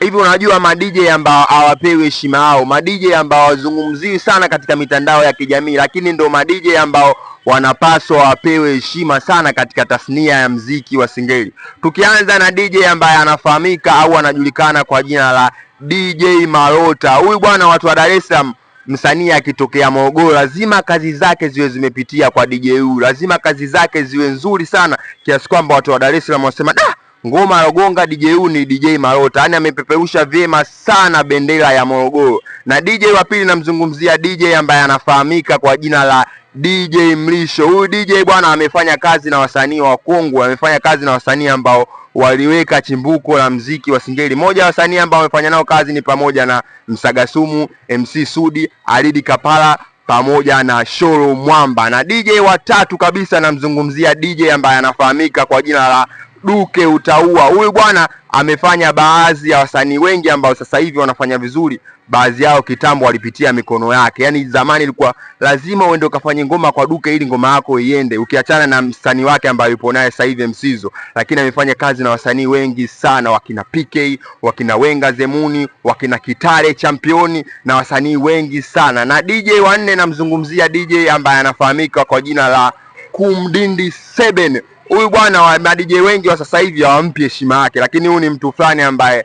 hivi unajua madije ambao hawapewi heshima yao, madije ambao wazungumziwi sana katika mitandao ya kijamii, lakini ndo madije ambao wanapaswa wapewe heshima sana katika tasnia ya mziki wa Singeli. Tukianza na DJ ambaye anafahamika au anajulikana kwa jina la DJ Malota. Huyu bwana, watu wa Dar es Salaam, msanii akitokea Morogoro lazima kazi zake ziwe zimepitia kwa DJ huyu, lazima kazi zake ziwe nzuri sana kiasi kwamba watu wa Dar es Salaam wasema da, ngoma alogonga DJ huyu ni DJ Marota, yaani amepeperusha vyema sana bendera ya Morogoro. Na DJ wa pili namzungumzia DJ ambaye anafahamika kwa jina la DJ Mlisho. Huyu DJ bwana amefanya kazi na wasanii wakongwe, amefanya kazi na wasanii ambao waliweka chimbuko la mziki wa Singeli. Moja ya wasanii ambao wamefanya nao kazi ni pamoja na Msagasumu, MC Sudi, Alidi Kapala pamoja na Shoro Mwamba. Na DJ watatu kabisa namzungumzia DJ ambaye anafahamika kwa jina la Duke utaua. Huyu bwana amefanya baadhi ya wasanii wengi ambao sasa hivi wanafanya vizuri, baadhi yao kitambo walipitia mikono yake. Yaani zamani ilikuwa lazima uende ukafanye ngoma kwa Duke ili ngoma yako iende, ukiachana na msanii wake ambaye yupo naye sasa hivi Msizo, lakini amefanya kazi na wasanii wengi sana, wakina PK, wakina Wenga Zemuni, wakina Kitale Championi na wasanii wengi sana. Na DJ wanne, namzungumzia DJ ambaye anafahamika kwa jina la Kumdindi 7 huyu bwana wa madj wengi wa sasa hivi hawampi heshima yake, lakini huyu ni mtu fulani ambaye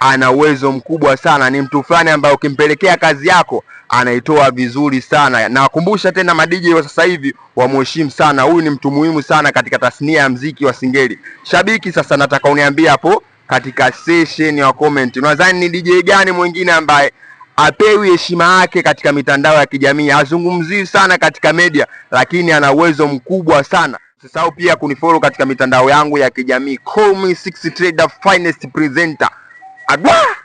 ana uwezo mkubwa sana. Ni mtu fulani ambaye ukimpelekea kazi yako anaitoa vizuri sana. Nawakumbusha tena madiji wa sasa hivi wamuheshimu sana, huyu ni mtu muhimu sana katika tasnia ya mziki wa Singeli. Shabiki, sasa nataka uniambie hapo katika session ya comment, unadhani ni DJ gani mwingine ambaye apewi heshima yake katika mitandao ya kijamii, azungumzii sana katika media, lakini ana uwezo mkubwa sana. Usisahau pia kunifollow katika mitandao yangu ya kijamii. Call me 6 Trader finest presenter. Adwa!